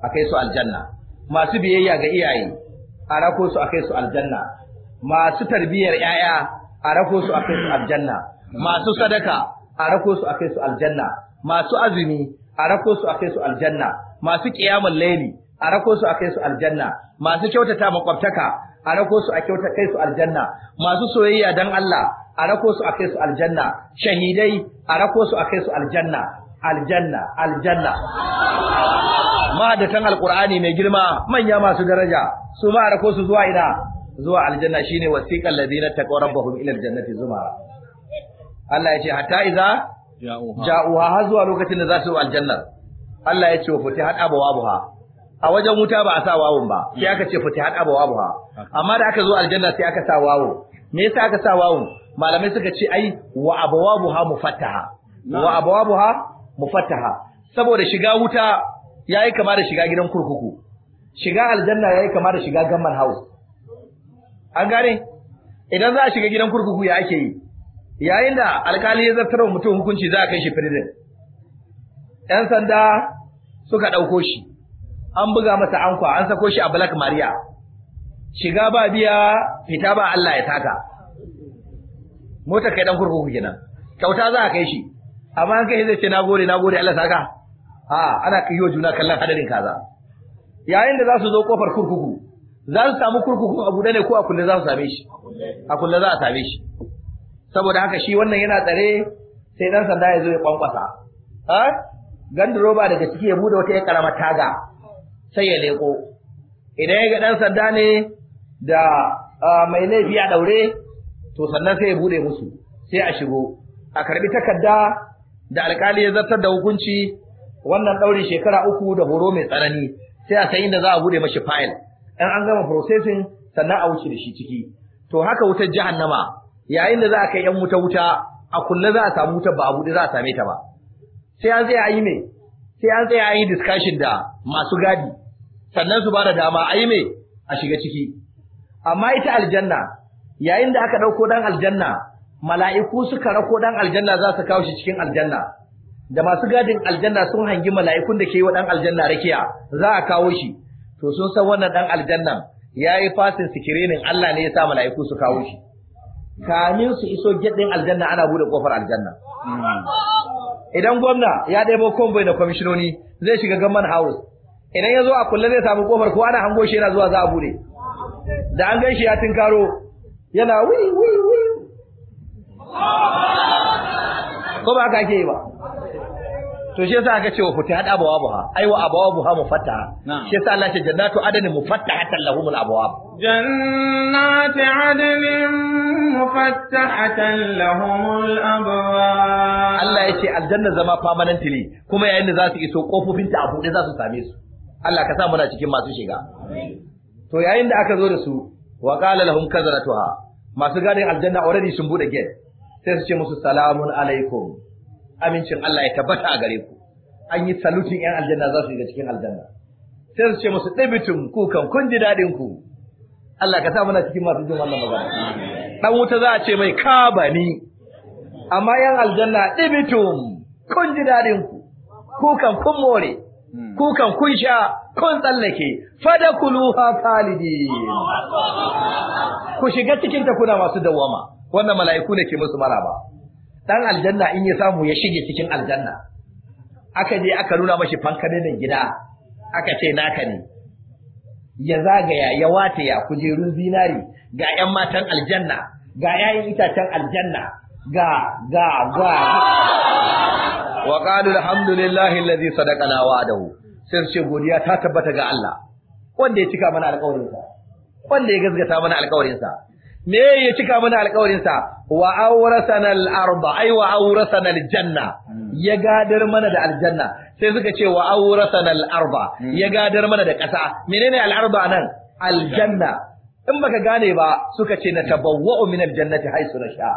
akai su aljanna masu biyayya ga iyaye a rako su akai su aljanna masu tarbiyar yaya a rako su akai su aljanna masu sadaka a su akai su aljanna masu azumi a su akai su aljanna masu qiyamul layli a su akai su aljanna masu kyautata makwabtaka a rako su a kyauta kai su aljanna masu soyayya dan Allah a rako su a kai su aljanna shahidai a rako su a kai su aljanna aljanna aljanna ma'adatan alqur'ani mai girma manya masu daraja su ma a rako su zuwa ina zuwa aljanna shine wasiqal ladina taqaw rabbahum ila aljannati zumara Allah ya ce hatta idza ja'uha zuwa lokacin da za su aljanna Allah ya ce wa futihat abwabuha a wajen wuta ba a sa wawun ba sai aka ce abu ha amma da aka zo aljanna sai aka sa wawu me yasa aka sa wawu? malamai suka ce ai wa ha mufattaha wa ha mufattaha saboda shiga wuta yayi kama da shiga gidan kurkuku shiga aljanna yayi kama da shiga gamman house an gane idan za a shiga gidan kurkuku ya ake yi yayin da alkali ya zartar wa mutum hukunci za a kai shi prison ƴan sanda suka ɗauko shi an buga masa ankwa an sako shi a Black Maria shiga ba biya fita ba Allah ya taka motar kai dan kurkuku kenan kauta za ka kai shi amma an kai zai ce nagode nagode Allah saka a ana kiyo juna kallon hadarin kaza yayin da za su zo kofar kurkuku za su samu kurkuku a bude ne ko a kulle za su same shi a kulle za a same shi saboda haka shi wannan yana tsare sai dan sanda ya zo ya kwankwasa gandu roba daga ciki ya bude wata ya karama taga sai ya leko idan ya ga ɗan sanda ne da mai laifi a ɗaure to sannan sai ya buɗe musu sai a shigo a karɓi takarda da alƙali ya zartar da hukunci wannan ɗaurin shekara uku da horo mai tsanani sai a san inda za a buɗe mashi fayil in an gama processing sannan a wuce da shi ciki to haka wutar jahannama yayin da za a kai yan wuta wuta a kulle za a samu wuta ba a buɗe za a same ta ba sai an zai a yi mai sai an tsaya an yi discussion da masu gadi sannan su bada dama ai me a shiga ciki amma ita aljanna yayin da aka ɗauko dan aljanna mala'iku suka rako dan aljanna za su kawo shi cikin aljanna da masu gadin aljanna sun hangi mala'ikun da ke yi wa dan aljanna rakiya za a kawo shi to sun san wannan dan ya yayi fasin sikirinin Allah ne ya sa mala'iku su kawo shi kamin su iso gedin aljanna ana buɗe kofar aljanna
hmm. idan
gwamna ya ɗebo convoy da kwamishinoni zai shiga gamman haus idan ya zo a kulle zai samu kofar ko ana hango shi yana zuwa za a bude da an gan shi ya tinkaro yana wi wi wi
ko ba haka ke yi
ba to shi yasa aka ce wa futihat abwabuha ai wa abwabuha mufattaha shi yasa Allah ce jannatu adnin mufattahatan lahumul abwab
jannatu adnin mufattahatan lahumul abwab Allah yace aljanna zama
permanently kuma yayin da za su iso kofofin ta a buɗe za su same su Allah ka sa muna cikin masu shiga to yayin da aka zo da su wa qala lahum kazaratuha masu gadin aljanna already sun bude gate sai su ce musu salamun alaikum amincin Allah ya tabbata a gare ku an yi salutin yan aljanna za su shiga cikin aljanna sai su ce musu ɗabitin ku kan kun ji daɗin ku Allah ka sa muna cikin masu jin wannan magana dan wuta za a ce mai kaba ni amma yan aljanna ɗabitum kun ji daɗin ku ku kan kun more ku kun sha kun tsallake fadakuluha khalidi ku shiga cikin ta kuna masu dawama wannan mala'iku ne ke musu maraba dan aljanna in ya samu ya shige cikin aljanna aka je aka nuna mashi da gida aka ce naka ne ya zagaya ya wata wataya kujerun zinari ga ƴan matan aljanna ga ƴaƴan itacen aljanna ga ga ga wa qalu alhamdulillahi alladhi sadaqana wa'adahu sai ce godiya ta tabbata ga Allah wanda ya cika mana alƙawarinsa wanda ya gaskata mana alƙawarinsa me ya cika mana alƙawarin sa wa awrasana al-arba ay wa awrasana al-janna hmm. ya gadar mana da aljanna sai suka ce wa awrasana al-arba hmm. ya gadar mana da ƙasa menene al-arba nan aljanna in baka gane ba suka ce na tabawwa'u min al-jannati haisu rasha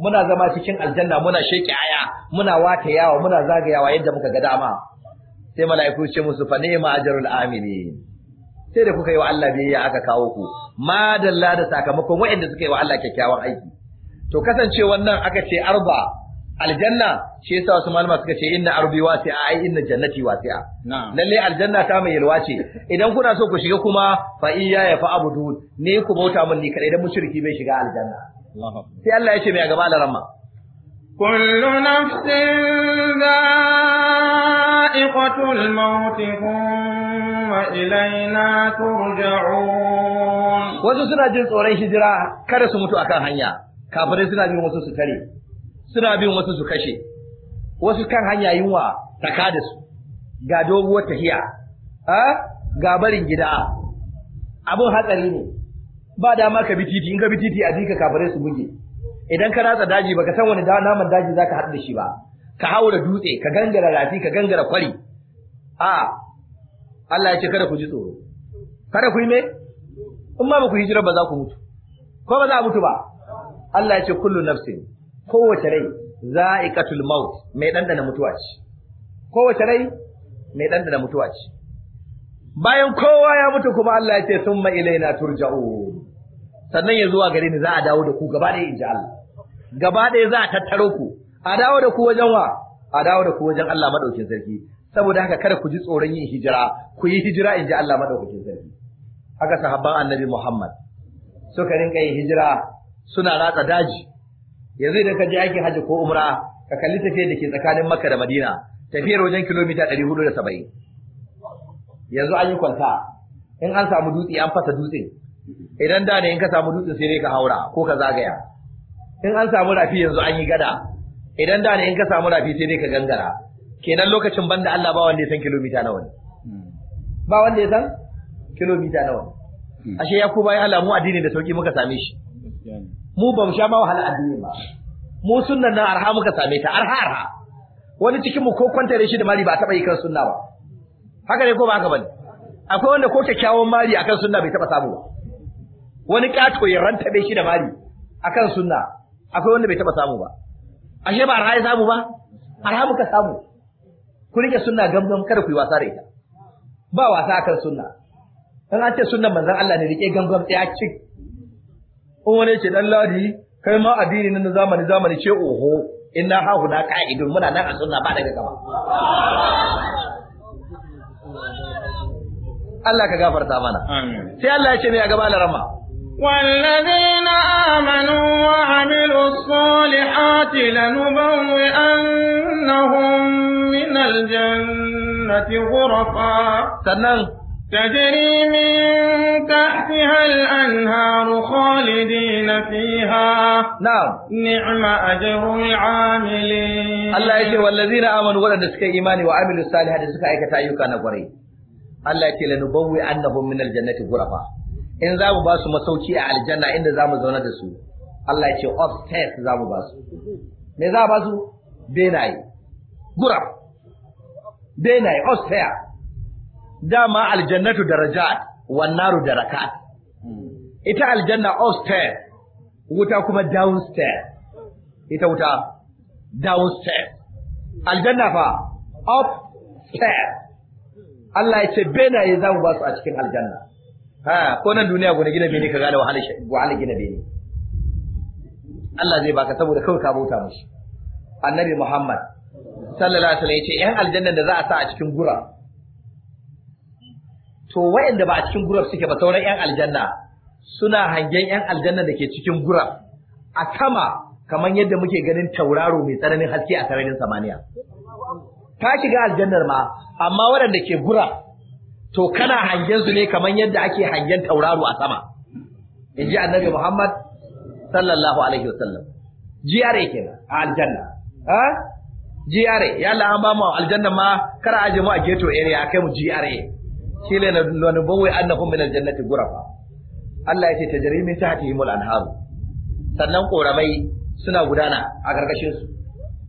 muna zama cikin aljanna muna sheki aya muna wata yawa muna zagayawa yadda muka ga dama sai mala'iku ce musu fa ma ajrul amilin sai da kuka yi wa Allah biyayya aka kawo ku dalla da sakamakon waɗanda suka yi wa Allah kyakkyawan aiki to kasance wannan aka ce arba aljanna shi yasa wasu malama suka ce inna arbi wasi'a ai inna jannati wasi'a lalle aljanna ta mai yalwa ce idan kuna so ku shiga kuma fa iyya ya fa abudun ne ku bauta mun ni kadai dan mushriki bai shiga aljanna sai Allah ya ce mai gaba
كل نفس ذائقة الموت ثم إلينا ترجعون wasu suna jin tsoron hijira kada su mutu akan
hanya kafirai suna bin wasu su kare, suna bin wasu su kashe wasu kan hanya yunwa ta da su ga doguwar tahiya a ga barin gida abin hatsari ne ba dama ka bi titi in ka bi titi a jika kafirai su buge idan ka ratsa daji baka san wani naman daji zaka haɗu da shi ba ka haura dutse ka gangara rafi ka gangara kwari a Allah ya ce kada ku ji tsoro kada ku yi me in ma ba ku hijira ba za ku mutu ko ba za a mutu ba Allah ya ce kullu nafsin kowace rai za'iqatul maut mai dandana mutuwa ce kowace rai mai dandana mutuwa ce bayan kowa ya mutu kuma Allah ya ce summa ilaina turja'u. sannan ya zuwa gare ni za a dawo da ku gaba da ji Allah gaba ɗaya za a tattaro ku a dawo da ku wajen wa a dawo da ku wajen Allah madaukakin sarki saboda haka kada ku ji tsoron yin hijira ku yi hijira in ji Allah madaukakin sarki haka sahabban annabi Muhammad suka rinka yin hijira suna ratsa daji yanzu idan ka je aikin hajji ko umra ka kalli tafiyar da ke tsakanin Makka da Madina tafiyar wajen kilomita 470 yanzu an yi kwanta in an samu dutse an fasa dutse idan da ne in ka samu dutse sai dai ka haura ko ka zagaya in an samu rafi yanzu an yi gada idan da ne in ka samu rafi sai dai ka gangara kenan lokacin banda Allah ba wanda ya san kilomita nawa ne hmm. ba wanda ya san kilomita nawa ne
hmm.
ashe ya ku bayan Allah mu addini da sauki muka same shi mu ba mu sha ma wahala addini ba mu sunnan nan arha muka same ta arha arha wani cikin mu ko da shi da mali ba taba yi kan sunna ba haka ne ko ba haka bane akwai wanda ko kyakkyawan mali akan sunna bai taba samu ba wani kato ya ranta shi da mali akan sunna akwai wanda bai taba samu ba ashe ba arha ya samu ba arha muka samu ku rike sunna gamgam kada ku yi wasa da ita ba wasa akan sunna dan an ce sunnan manzon Allah ne rike gamgam tsaya cik in wani ce dan ladi kai ma addini na zamani zamani ce oho inna ha huda qa'idun muna nan a sunna ba daga gaba Allah ka gafarta mana sai Allah ya ce mai a gaba
والذين آمنوا وعملوا الصالحات لنبوئنهم من الجنة غرفا سنن تجري من تحتها الأنهار خالدين فيها نعم نعم أجر العاملين الله يقول والذين آمنوا
ولد سكي إيماني وعملوا الصالحات سكي أيكتا أيوكا نقري الله يقول لنبوئنهم من الجنة غرفا in za mu ba su masauki a aljanna inda za mu zauna da su Allah ya ce upstairs za mu ba su me za ba su benaye gurab benaye upstairs dama aljannatu darajat wan naru darakat ita aljanna upstairs wuta kuma downstairs ita wuta downstairs aljanna fa upstairs Allah ya ce benaye za mu ba su a cikin aljanna ha ko nan duniya gona gina bene kaga da wahala shi wahala gina bene Allah zai baka saboda kawai ka bauta musu. annabi Muhammad sallallahu alaihi wasallam yace ƴan aljanna da za a sa a cikin gura to wayanda ba a cikin gurab suke ba sauran ƴan aljanna suna hangen ƴan aljanna da ke cikin gura a sama kamar yadda muke ganin tauraro mai tsananin haske a sararin samaniya ka shiga aljannar ma amma waɗanda ke gura. to kana hangen su ne kamar yadda ake hangen tauraro a sama in ji annabi Muhammad sallallahu alaihi wasallam jiyare ke a aljanna ha GRA ya Allah an ba mu aljanna ma kar a mu a ghetto area kai mu GRA shi ne na bawai annahum min aljannati gurafa. Allah ya ce tajri min tahtihim al-anhar sannan koramai suna gudana a karkashin su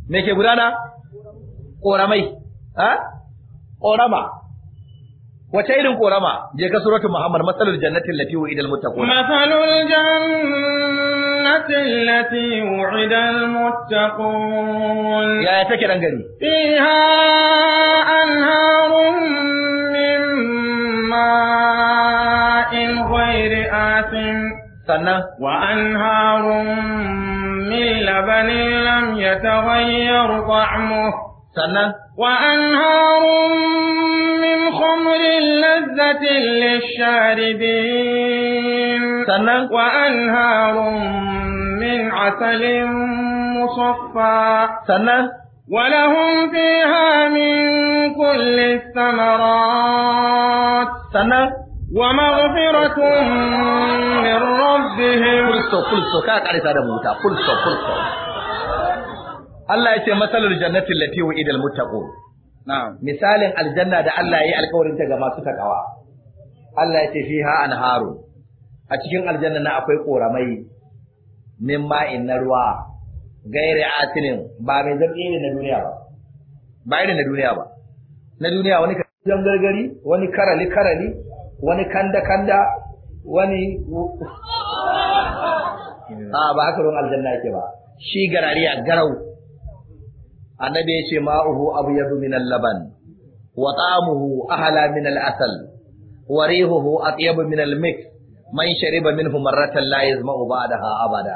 me ke gudana koramai ha korama wace irin korama je ka suratul muhammad masalul jannati allati wa'ida almuttaqun
masalul jannati allati wa'ida almuttaqun ya take dan gari fiha anharun min ma'in ghairi asin sannan wa anharun min labanin lam yataghayyar ta'muhu sannan wa anharun من خمر لذة للشاربين سنن وأنهار من عسل مصفى سنن ولهم فيها من كل الثمرات سنن ومغفرة من ربهم فلسو فلسو كاك علي سادة
موتا فلسو فلسو الله يتمثل الجنة التي وعد المتقون misalin aljanna da Allah ya yi alkawarin ta ga masu takawa Allah ya ce fiha anharu a cikin aljanna na akwai koramai min ma'in na ruwa gairi atinin ba mai zargi ne na duniya ba ba irin na duniya ba na duniya wani kan gargari wani karali karali wani kanda kanda wani
a
ba haka ruwan aljanna yake ba shi garariya garau annabi ya ce ma'uhu abyadu min al-laban wa ta'amuhu ahla min al-asal wa rihuhu atyabu min al-mik man shariba minhu marratan la yazma'u ba'daha abada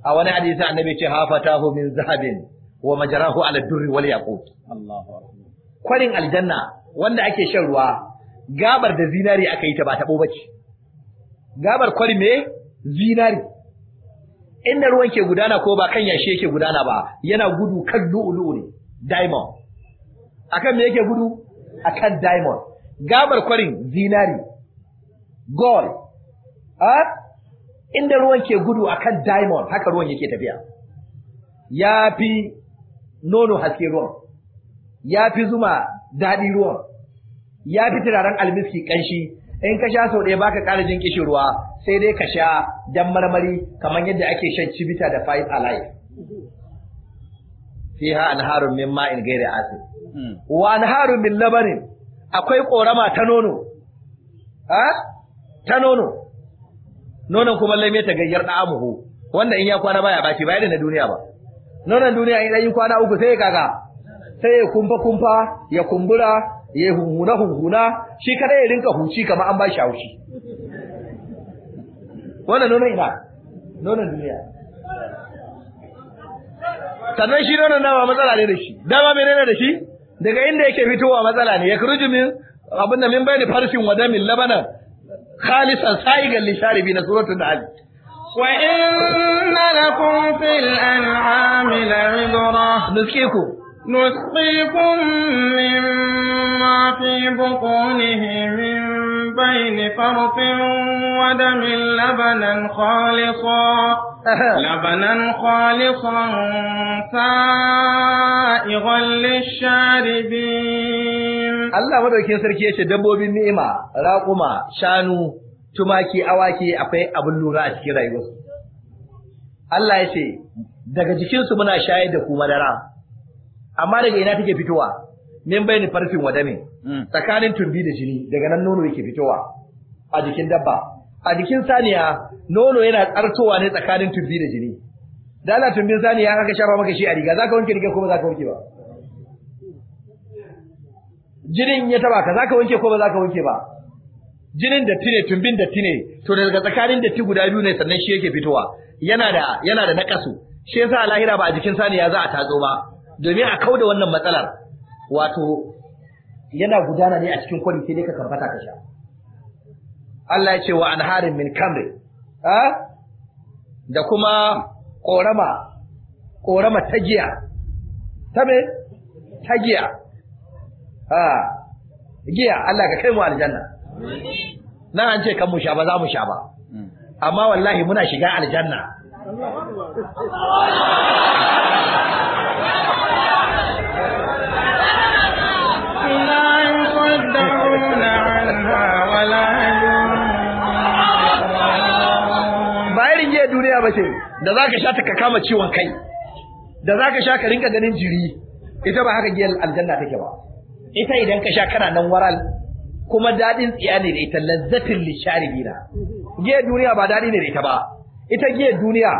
a wani hadisi annabi ce hafatahu min zahabin wa majarahu ala durri wal yaqut kwarin aljanna wanda ake shan ruwa gabar da zinari aka yi ta ba bo bace gabar kwarin me zinari inda ruwan ke gudana ko ba kan yashi yake gudana ba yana gudu kan lu'ulu'u ne diamond akan me yake gudu akan diamond gabar kwarin zinari gold a inda ruwan ke gudu akan diamond haka ruwan yake tafiya ya fi nono haske ruwan ya fi zuma daɗi ruwan ya fi turaren almiski ƙanshi in ka sha sau ɗaya baka ƙara jin ƙishin ruwa sai dai ka sha dan marmari kamar yadda ake shan cibita da five alive fiha anharun min ma'in ghairi asin hmm. wa anharun min labanin akwai korama ta nono ha ta nono nonon kuma laime ta gayyar da amuhu wanda in ya kwana baya baki baya da na duniya ba nonon duniya in dan kwana uku sai kaga sai ya kumfa kumfa ya kumbura ya hunhuna hunhuna shi kada ya rinka huci kamar an ba shi haushi wannan nonon ina nonon duniya
sannan shi nonon dama matsala ne da shi
dama nuna da shi daga inda yake fitowa matsala ne ya kuruji min abin da min bayani farfin wa damin labanan khalisan sa'igan lisharibi na da ali
wa inna lakum fil an'ami la'ibra ku نسقيكم مما في بطونه من بين فرط ودم لبنا خالصا لبنا خالصا سائغا للشاربين الله
madaukin sarki yace dabbobin ni'ima raƙuma shanu tumaki awaki akwai abin lura a cikin rayuwarsu Allah ya ce daga jikinsu muna shayar da ku madara amma daga ina take fitowa min ni farfin wa hmm. tsakanin tumbi da jini daga nan nono yake fitowa a jikin dabba a jikin saniya nono yana tsartowa ne tsakanin tumbi da jini da ala tumbin saniya aka shafa maka shi a riga zaka wanke riga ko ba zaka wanke ba jinin ya taba ka zaka wanke ko ba zaka wanke ba jinin da tine tumbin da tine to daga tsakanin da ti guda biyu ne sannan shi yake fitowa yana da yana da nakasu shi yasa lahira ba a jikin saniya za a tatso ba domin a kauda wannan matsalar wato yana gudana ne a cikin kwari sai dai ka kamfata ka sha Allah ya ce wa anharin min kamri ha da kuma korama korama tagiya ta me tagiya ha giya Allah ka kai mu aljanna nan an ce kan mu sha ba za mu sha ba hmm. amma wallahi muna shiga aljanna bayan giya duniya ba ce da za ka sha ta ka kama ciwon kai da za ka sha ka rinka ganin jiri ita ba haka giyar aljanna take ba ita idan ka sha kana nan waral kuma daɗin tsiya ne da ita lazzatin bina giyar duniya ba daɗi ne da ita ba ita giyar duniya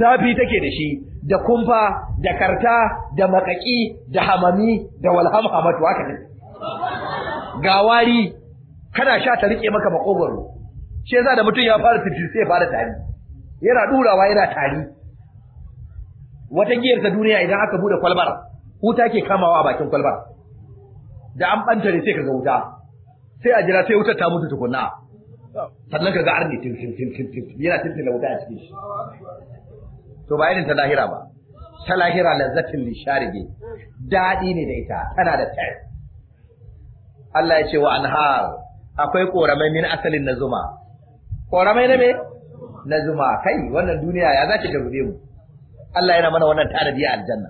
zafi take da shi da kumfa da karta da makaki da hamami da walhamhamatu haka ne ga wari kana sha ta rike maka makogwaro shi za da mutum ya fara titir sai fara tari yana durawa yana tari wata giyar ta duniya idan aka bude kwalbar wuta ke kamawa a bakin kwalbar da an bantare sai kaga wuta sai a jira sai wutar ta mutu tukunna sannan kaga arni tin tin tin tin yana tin da wuta a cikin shi to ba irin ta lahira ba ta lahira lazzatin lisharige daɗi ne da ita tana da tayar Allah ya ce wa anhar akwai koramai min asalin na zuma koramai na me na zuma kai wannan duniya ya zaki ta gube mu Allah yana mana wannan tarbiya aljanna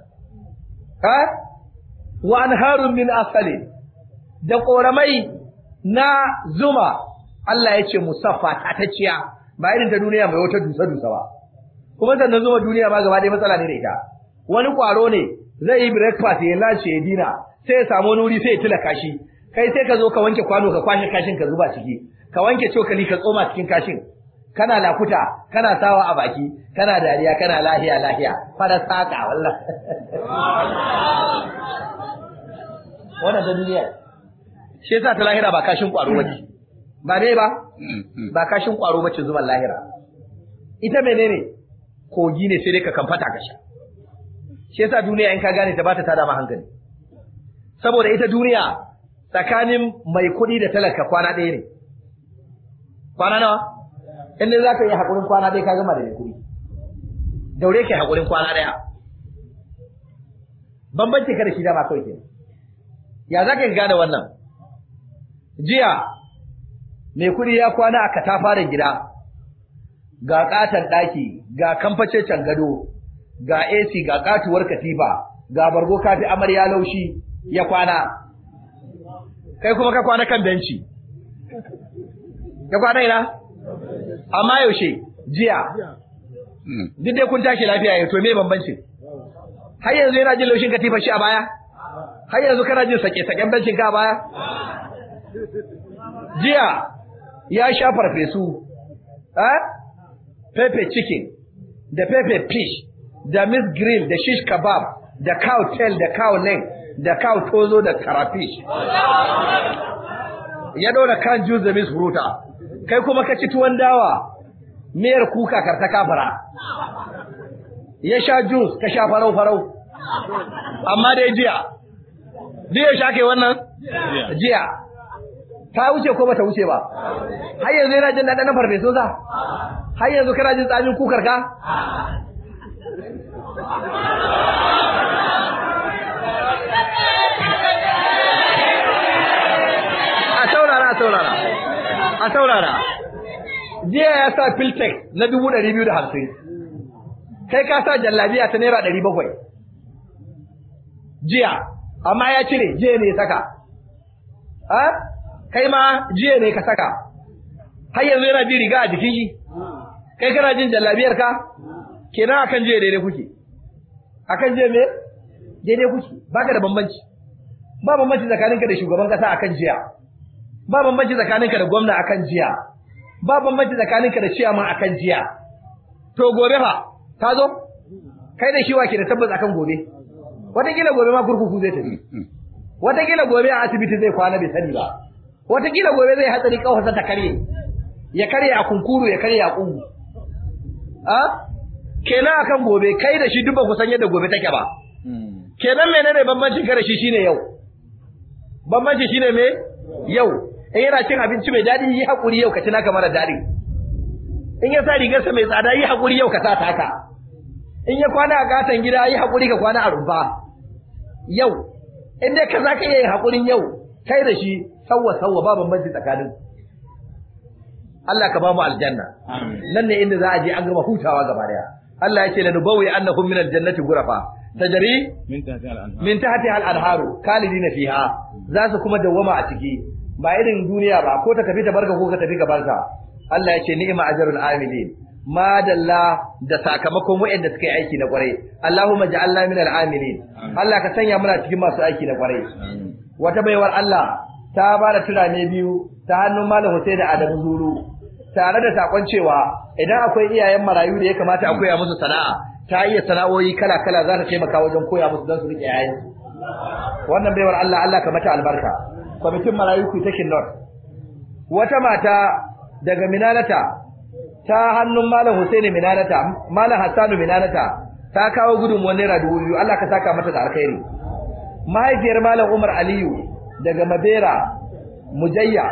ha wa anharun min asalin da koramai na zuma Allah ya ce musaffa taciya ba irin ta duniya mai wata dusa dusa ba kuma sannan zuma duniya ma gaba ɗaya matsala ne da ita wani kwaro ne zai yi breakfast ya lashe ya dina sai ya samu wani wuri sai ya tilaka shi kai sai ka zo ka wanke kwano ka kwashe kashin ka zuba ciki ka wanke cokali ka tsoma cikin kashin kana lakuta kana sawa a baki kana dariya kana lahiya lahiya fara saka wallah
wannan
da duniya shi yasa ta lahira ba kashin kwaro bace ba dai ba mm-hmm. ba kashin kwaro bace zuban lahira ita menene kogi ne sai dai ka kamfata ka sha shi yasa duniya in ka gane ta ba ta tada ma hankali saboda ita duniya tsakanin mai kuɗi da talaka kwana ɗaya ne kwana nawa in dai ka yi haƙurin kwana ɗaya ka gama da mai kuɗi daure ke haƙurin kwana ɗaya bambanci ka da shi dama kawai kenan ya za ka gane wannan jiya mai kuɗi ya kwana a katafaren gida ga ƙaton ɗaki ga kamfacecen gado ga AC ga ƙatuwar katifa ga bargo kafi amarya laushi ya kwana kai kuma ka kwana kan benci ka kwana ina amma yaushe jiya hmm. duk dai kun tashi lafiya yau to me bambanci har yanzu yana jin laushin katifa shi a baya har yanzu kana jin sake saken bencin ka a baya jiya ya sha farfesu eh? pepe chicken da pepe fish da miss grill da shish kebab da cow tail da cow leg da cow tozo da karafish
ya ɗora kan
juice da miss fruta kai kuma ka ci tuwon dawa miyar kuka karta kafara
ya sha juice ka sha farau farau amma dai jiya jiya sha ke wannan jiya
ta wuce ko ba ta wuce ba
har yanzu yana jin daɗin farfeso sa har yanzu kana jin tsamin kukar ka
a saurara a saurara
a saurara jiya ya sa filtek na dubu ɗari biyu da hamsin kai ka sa jallabiya ta naira ɗari bakwai jiya amma ya cire jiya ne saka a kai ma jiya ne ka saka har yanzu yana bi riga a jikin shi kai kana jin jallabiyar ka kenan akan jiya daidai kuke akan jiya me daidai kuke baka da bambanci ba bambanci tsakaninka da shugaban kasa akan jiya ba bambanci tsakaninka da gwamna akan jiya ba bambanci tsakaninka da chairman akan jiya to gobe fa ka zo kai da shi wake da tabbas akan gobe watakila gobe ma kurkuku zai tafi watakila gobe a asibiti zai kwana bai sani ba watakila gobe zai hatsari kawarsa ta karye ya karye a kunkuru ya karye a kungu ah? a kenan akan gobe kai da shi duk ba ku san yadda gobe take ba kenan menene bambancin ka shi shine yau bambanci shine me yau in yana cin abinci mai daɗi yi hakuri yau ka ci naka mara daɗi in ya sa rigarsa mai tsada yi hakuri yau ka sa ta in ya kwana a gatan gida yi hakuri ka kwana a rumfa yau in dai ka za ka iya yin hakurin yau kai da shi sawwa sawwa ba bambanci tsakanin Allah ka ba mu aljanna nan ne inda za a je an gama hutawa gaba daya Allah ya ce lanubawi annahum min aljannati ghurafa tajri
min tahtiha al-anharu
khalidina fiha za su kuma dawwama a ciki ba irin duniya ba ko ta tafi ta barka ko ka tafi ka barka Allah ya ce ni'ma ajrul amilin madalla da sakamakon waɗanda suka yi aiki na kwarai Allahumma ja'alna minal amilin Allah ka sanya muna cikin masu aiki na kwarai wata baiwar Allah ta ba da turane biyu ta hannun Malam Hussein da Adamu Zuru tare da sakon cewa idan akwai iyayen marayu da ya kamata a koya musu sana'a ta iya sana'o'i kala kala za ta taimaka wajen koya musu don su rike yayin wannan baiwar Allah Allah ka mata albarka kwamitin marayu ku ta kinnor wata mata daga minanata ta hannun malam Husaini minanata malam Hassanu minanata ta kawo gudun wani radiyo biyu Allah ka saka mata da alkhairi mahaifiyar malam Umar Aliyu daga Mabera Mujayya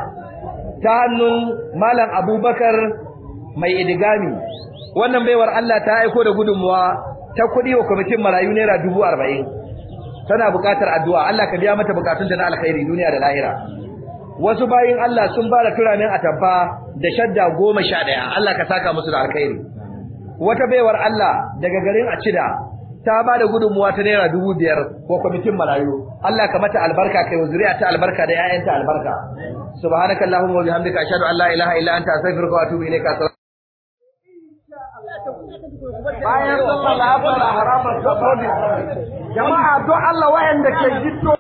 ta hannun malam Abubakar mai idigami wannan baiwar Allah ta aiko da gudunmuwa ta kuɗi wa kwamitin marayu naira dubu arba'in tana buƙatar addu'a Allah ka biya mata buƙatunta na alkhairi duniya da lahira wasu bayin Allah sun ba da turamin atamfa da shadda goma sha ɗaya Allah ka saka musu da alkhairi wata baiwar Allah daga garin Acida ta bada da gudunmuwa ta naira dubu biyar wa kwamitin marayu Allah ka mata albarka kai wa zuriya ta albarka da 'ya'yanta albarka subhanakallahumma wa bihamdika ashhadu an la ilaha illa anta astaghfiruka wa atubu ilayka
bayan sallar la'asar a harabar jama'a don Allah wayanda ke gito